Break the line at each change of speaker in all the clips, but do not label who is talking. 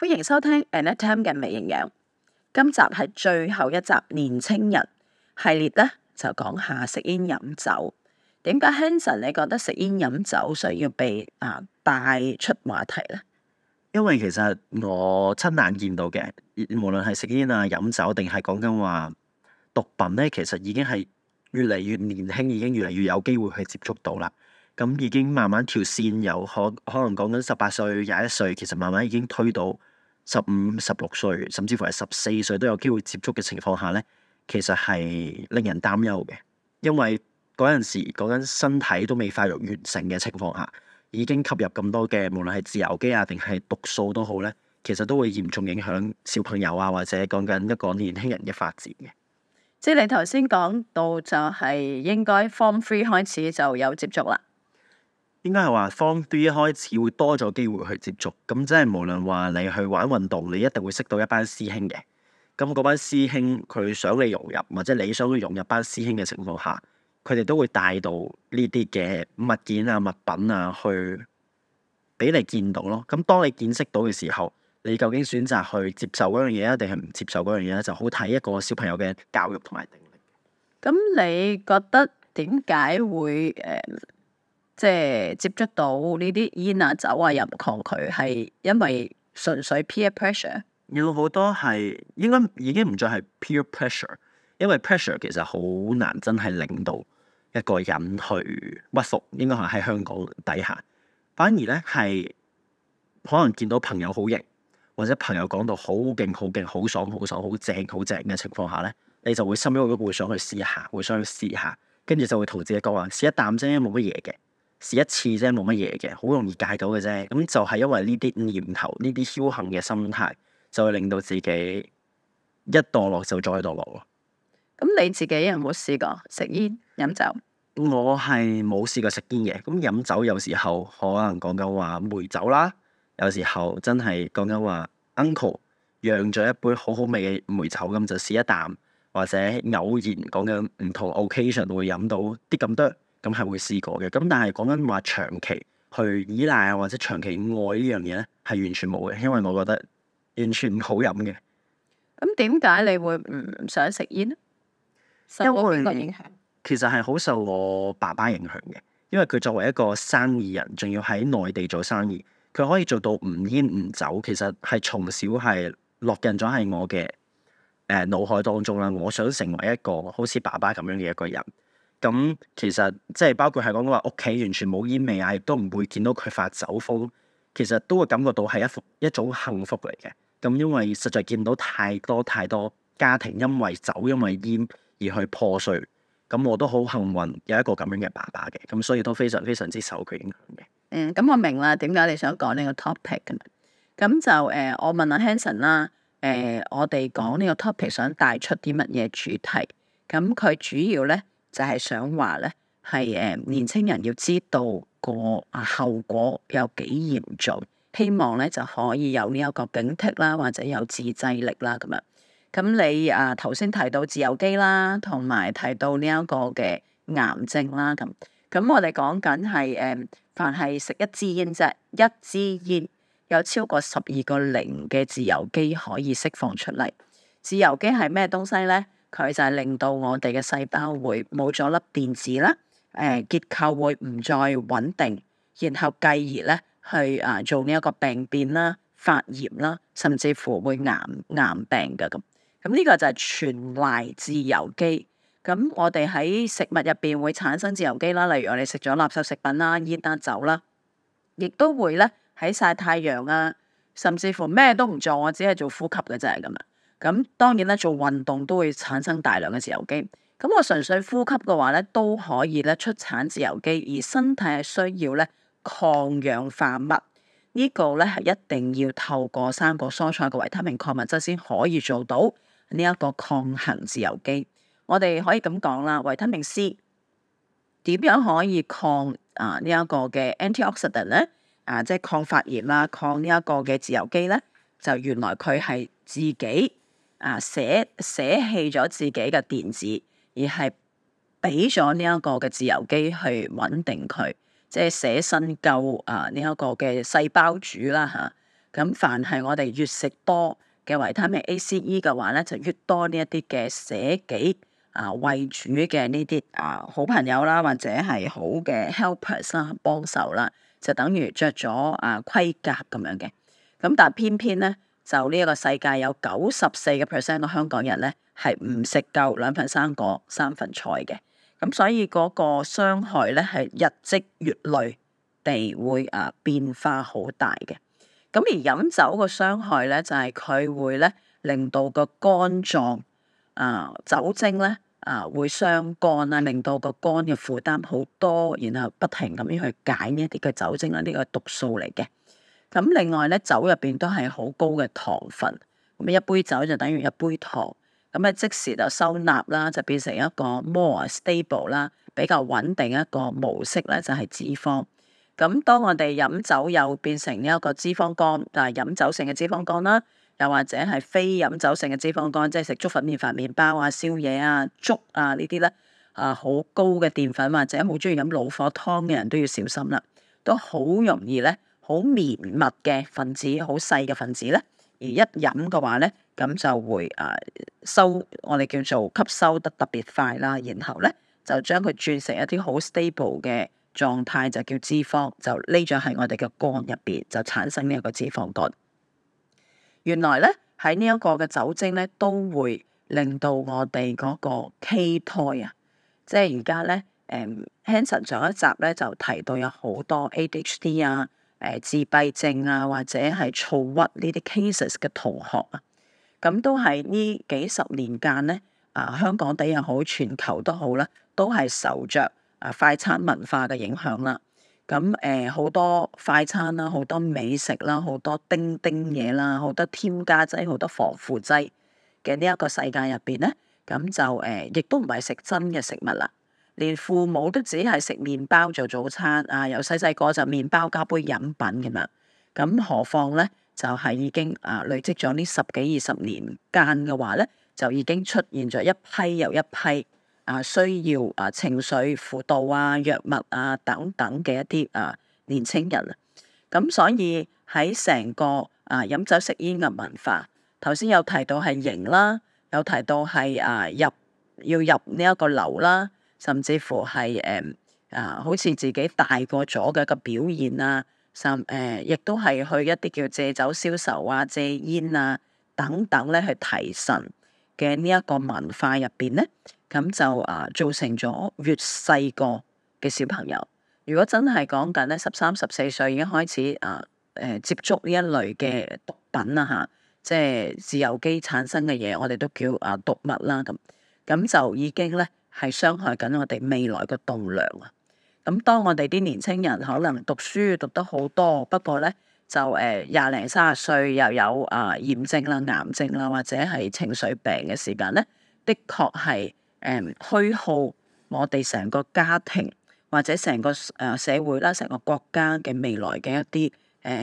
歡迎收聽 Annette Tam 嘅微營養，今集係最後一集，年青人系列咧就講下食煙飲酒，點解 Hanson 你覺得食煙飲酒需要被啊帶出話題咧？
因為其實我親眼見到嘅，無論係食煙啊、飲酒，定係講緊話毒品咧，其實已經係越嚟越年輕，已經越嚟越有機會去接觸到啦。咁已經慢慢條線有可可能講緊十八歲、廿一歲，其實慢慢已經推到。十五、十六歲，甚至乎係十四歲都有機會接觸嘅情況下咧，其實係令人擔憂嘅，因為嗰陣時講緊、那個、身體都未發育完成嘅情況下，已經吸入咁多嘅，無論係自由基啊定係毒素都好咧，其實都會嚴重影響小朋友啊或者講緊一個年輕人嘅發展嘅。
即係你頭先講到就係應該 form three 開始就有接觸啦。
應該係話 form three 開始會多咗機會去接觸，咁即係無論話你去玩運動，你一定會識到一班師兄嘅。咁嗰班師兄佢想你融入，或者你想去融入班師兄嘅情況下，佢哋都會帶到呢啲嘅物件啊、物品啊，去俾你見到咯。咁當你見識到嘅時候，你究竟選擇去接受嗰樣嘢咧，定係唔接受嗰樣嘢咧，就好睇一個小朋友嘅教育同埋定力。
咁你覺得點解會誒？呃即係接觸到呢啲煙啊、酒啊，又唔抗拒係因為純粹 peer pressure。
有好多係應該已經唔再係 peer pressure，因為 pressure 其實好難真係令到一個人去屈服。應該係喺香港底下，反而咧係可能見到朋友好型，或者朋友講到好勁、好勁、好爽、好爽、好正、好正嘅情況下咧，你就會心喐喐會想去試下，會想去試下，跟住就會同自己講話，試一啖啫，冇乜嘢嘅。試一次啫，冇乜嘢嘅，好容易戒到嘅啫。咁就係因為呢啲念頭、呢啲僥倖嘅心態，就會令到自己一墮落就再墮落喎。
咁你自己有冇試過食煙飲酒？
我係冇試過食煙嘅。咁飲酒有時候可能講緊話梅酒啦，有時候真係講緊話 uncle 讓咗一杯好好味嘅梅酒，咁就試一啖，或者偶然講緊唔同 occasion 會飲到啲咁多。咁係會試過嘅，咁但係講緊話長期去依賴啊，或者長期愛呢樣嘢咧，係完全冇嘅，因為我覺得完全唔好飲嘅。
咁點解你會唔想食煙呢？受邊個影響？
其實係好受我爸爸影響嘅，因為佢作為一個生意人，仲要喺內地做生意，佢可以做到唔煙唔酒。其實係從小係落印咗喺我嘅誒腦海當中啦。我想成為一個好似爸爸咁樣嘅一個人。咁其實即係包括係講話屋企完全冇煙味啊，亦都唔會見到佢發酒瘋，其實都會感覺到係一幅一種幸福嚟嘅。咁因為實在見到太多太多家庭因為酒因為煙而去破碎，咁我都好幸運有一個咁樣嘅爸爸嘅，咁所以都非常非常之受佢影響嘅。
嗯，咁我明啦，點解你想講呢個 topic 嘅？咁就誒，我問阿、啊、Hanson 啦、呃，誒，我哋講呢個 topic 想帶出啲乜嘢主題？咁佢主要咧，就係想話咧，係誒，年青人要知道個啊後果有幾嚴重，希望咧就可以有呢一個警惕啦，或者有自制力啦咁樣。咁你啊頭先提到自由基啦，同埋提到呢一個嘅癌症啦，咁咁我哋講緊係誒，凡係食一支煙啫，一支煙有超過十二個零嘅自由基可以釋放出嚟。自由基係咩東西咧？佢就係令到我哋嘅細胞會冇咗粒電子啦，誒、呃、結構會唔再穩定，然後繼而咧去啊、呃、做呢一個病變啦、發炎啦，甚至乎會癌癌病嘅咁。咁、嗯、呢、這個就係傳來自由基。咁、嗯、我哋喺食物入邊會產生自由基啦，例如我哋食咗垃圾食品啦、煙燻、啊、酒啦、啊，亦都會咧喺曬太陽啊，甚至乎咩都唔做，我只係做呼吸嘅啫咁啊！咁當然咧，做運動都會產生大量嘅自由基。咁我純粹呼吸嘅話咧，都可以咧出產自由基。而身體係需要咧抗氧化物，這個、呢個咧係一定要透過三個蔬菜嘅維他命礦物質先可以做到呢一個抗衡自由基。我哋可以咁講啦，維他命 C 點樣可以抗啊、呃這個、呢一個嘅 antioxidant 咧？啊、呃，即係抗發炎啦，抗呢一個嘅自由基咧，就原來佢係自己。啊，捨捨棄咗自己嘅電子，而係俾咗呢一個嘅自由基去穩定佢，即係捨身救啊呢一、這個嘅細胞主啦嚇。咁、啊、凡係我哋越食多嘅維他命 A、C、E 嘅話咧，就越多呢一啲嘅捨己啊為主嘅呢啲啊好朋友啦，或者係好嘅 helpers 啦幫手啦，就等於着咗啊盔甲咁樣嘅。咁但係偏偏咧。就呢一個世界有九十四個 percent 嘅香港人咧係唔食夠兩份生果三份菜嘅，咁所以嗰個傷害咧係日積月累地會啊變化好大嘅。咁而飲酒個傷害咧就係、是、佢會咧令到個肝臟啊酒精咧啊會傷肝啦，令到個肝嘅負擔好多，然後不停咁樣去解呢一啲嘅酒精啦，呢、這個係毒素嚟嘅。咁另外咧，酒入面都係好高嘅糖分，咁一杯酒就等於一杯糖。咁啊，即時就收納啦，就變成一個 more stable 啦，比較穩定一個模式咧，就係脂肪。咁當我哋飲酒又變成一個脂肪肝，就係、是、飲酒性嘅脂肪肝啦，又或者係非飲酒性嘅脂肪肝，即係食粥、粉麵、飯、麵包啊、宵夜啊、粥啊呢啲咧，啊好高嘅澱粉，或者好鍾意飲老火湯嘅人都要小心啦，都好容易咧。好綿密嘅分子，好細嘅分子咧，而一飲嘅話咧，咁就會誒、啊、收，我哋叫做吸收得特別快啦。然後咧，就將佢轉成一啲好 stable 嘅狀態，就叫脂肪。就匿咗喺我哋嘅肝入邊就產生呢一個脂肪肝。原來咧，喺呢一個嘅酒精咧都會令到我哋嗰個胚胎啊，oy, 即係而家咧誒、嗯、，Hanson 上一集咧就提到有好多 ADHD 啊。誒自閉症啊，或者係躁鬱呢啲 cases 嘅同學啊，咁都係呢幾十年間咧，啊香港地又好，全球都好啦，都係受着啊快餐文化嘅影響啦。咁誒好多快餐啦、啊，好多美食啦、啊，好多叮叮嘢啦，好多添加劑、好多防腐劑嘅呢一個世界入邊咧，咁就誒、呃、亦都唔係食真嘅食物啦。連父母都只係食麵包做早餐啊！由細細個就麵包加杯飲品咁啦，咁何況咧就係、是、已經啊累積咗呢十幾二十年間嘅話咧，就已經出現咗一批又一批啊需要啊情緒輔導啊藥物啊等等嘅一啲啊年輕人啊，咁、啊、所以喺成個啊飲酒食煙嘅文化，頭先有提到係型啦，有提到係啊入要入呢一個流啦。甚至乎係誒啊，好似自己大個咗嘅一個表現啊，甚誒、呃、亦都係去一啲叫、叫借酒消愁啊、借煙啊等等咧去提神嘅呢一個文化入邊咧，咁就啊、呃、造成咗越細個嘅小朋友，如果真係講緊咧十三十四歲已經開始啊誒、呃、接觸呢一類嘅毒品啊嚇，即係自由基產生嘅嘢，我哋都叫啊、呃、毒物啦、啊、咁，咁就已經咧。係傷害緊我哋未來嘅棟樑啊！咁當我哋啲年青人可能讀書讀得好多，不過咧就誒廿零三十歲又有啊炎症啦、癌症啦，或者係情緒病嘅時間咧，的確係誒、嗯、虛耗我哋成個家庭或者成個誒社會啦、成個國家嘅未來嘅一啲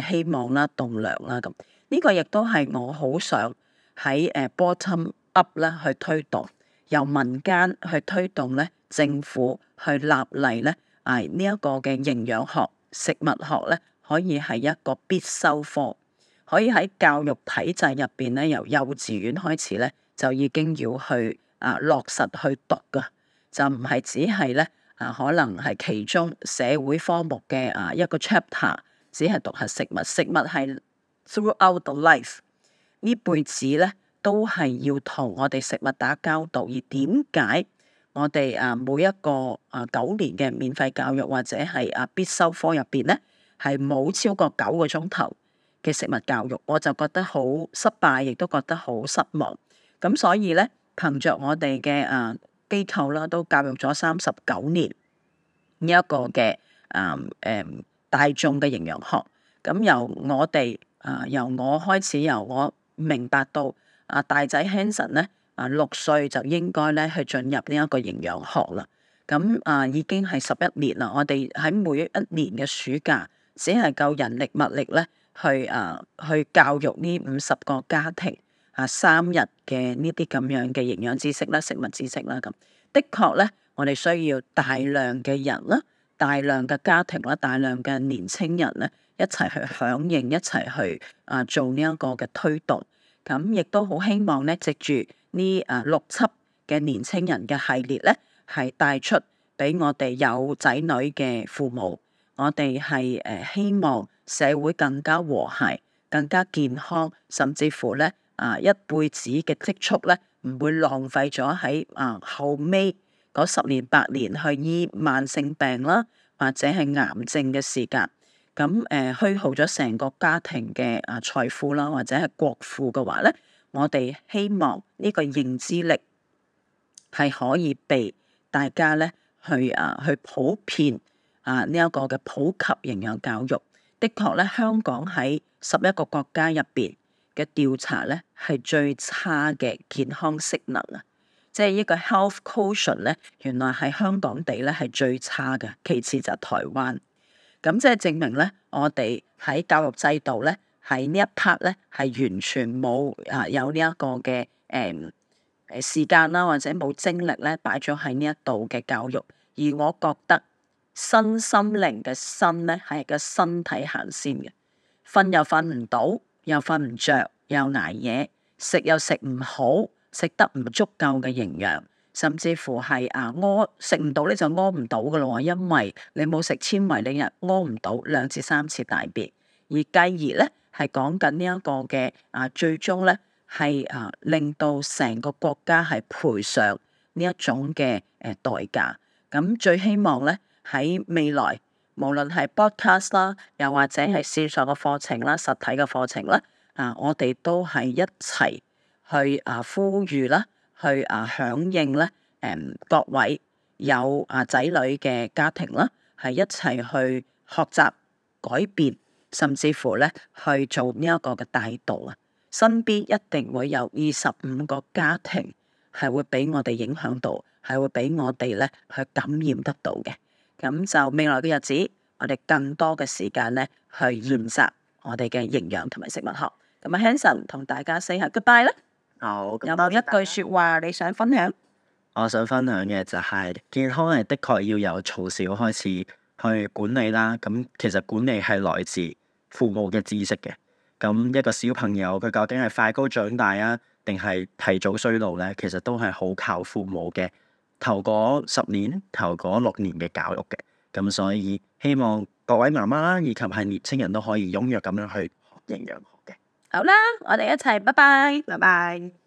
誒希望啦、棟樑啦咁。呢個亦都係我好想喺誒 bottom up 咧去推動。由民間去推動咧，政府去立例咧，誒、啊、呢一個嘅營養學、食物學咧，可以係一個必修科，可以喺教育體制入邊咧，由幼稚園開始咧，就已經要去啊落實去讀㗎，就唔係只係咧啊，可能係其中社會科目嘅啊一個 chapter，只係讀下食物，食物係 throughout the life 呢輩子咧。都係要同我哋食物打交道，而點解我哋啊每一個啊九年嘅免費教育或者係啊必修科入邊咧，係冇超過九個鐘頭嘅食物教育？我就覺得好失敗，亦都覺得好失望。咁所以咧，憑著我哋嘅啊機構啦，都教育咗三十九年呢一個嘅啊誒大眾嘅營養學，咁由我哋啊由我開始，由我明白到。啊，大仔 Hanson 咧，啊，六歲就應該咧去進入呢一個營養學啦。咁啊，已經係十一年啦。我哋喺每一年嘅暑假，只係夠人力物力咧，去啊去教育呢五十個家庭啊三日嘅呢啲咁樣嘅營養知識啦、食物知識啦咁。的確咧，我哋需要大量嘅人啦，大量嘅家庭啦，大量嘅年青人咧，一齊去響應，一齊去啊做呢一個嘅推動。咁亦都好希望咧，藉住呢啊六輯嘅年青人嘅系列咧，係帶出俾我哋有仔女嘅父母，我哋係誒希望社會更加和諧、更加健康，甚至乎咧啊一輩子嘅積蓄咧唔會浪費咗喺啊後尾嗰十年八年去醫慢性病啦，或者係癌症嘅時間。咁誒虛耗咗成個家庭嘅啊財富啦，或者係國富嘅話咧，我哋希望呢個認知力係可以被大家咧去啊去普遍啊呢一個嘅普及營養教育，的確咧香港喺十一個國家入邊嘅調查咧係最差嘅健康適能啊，即係一個 health quotient 咧，原來喺香港地咧係最差嘅，其次就係台灣。咁即係證明咧，我哋喺教育制度咧，喺呢一 part 咧，係完全冇啊有呢一個嘅誒誒時間啦，或者冇精力咧擺咗喺呢一度嘅教育。而我覺得身心靈嘅身咧，係個身體行先嘅，瞓又瞓唔到，又瞓唔着，又挨嘢，食又食唔好，食得唔足夠嘅營養。甚至乎係啊屙食唔到咧就屙唔到噶咯喎，因為你冇食纖維，你日屙唔到兩至三次大便。而繼而咧係講緊呢一個嘅啊，最終咧係啊令到成個國家係賠償呢一種嘅誒代價。咁、啊、最希望咧喺未來，無論係 broadcast 啦，又或者係線上嘅課程啦、實體嘅課程啦，啊，我哋都係一齊去啊呼籲啦。去啊！響應咧，誒、嗯、各位有啊仔女嘅家庭啦，係、啊、一齊去學習改變，甚至乎咧去做呢一個嘅帶動啊！身邊一定會有二十五個家庭係會俾我哋影響到，係會俾我哋咧去感染得到嘅。咁就未來嘅日子，我哋更多嘅時間咧去練習我哋嘅營養同埋食物學，咁啊 Hanson 同大家 say 下 goodbye 啦。有一句說話你想分享？Oh,
s 我想分享嘅就係、是，健康係的確要由從小開始去管理啦。咁其實管理係來自父母嘅知識嘅。咁一個小朋友佢究竟係快高長大啊，定係提早衰老咧？其實都係好靠父母嘅頭嗰十年、頭嗰六年嘅教育嘅。咁所以希望各位媽媽以及係年青人都可以踊躍咁樣去營養。
好啦，我哋一齊，拜拜，拜拜。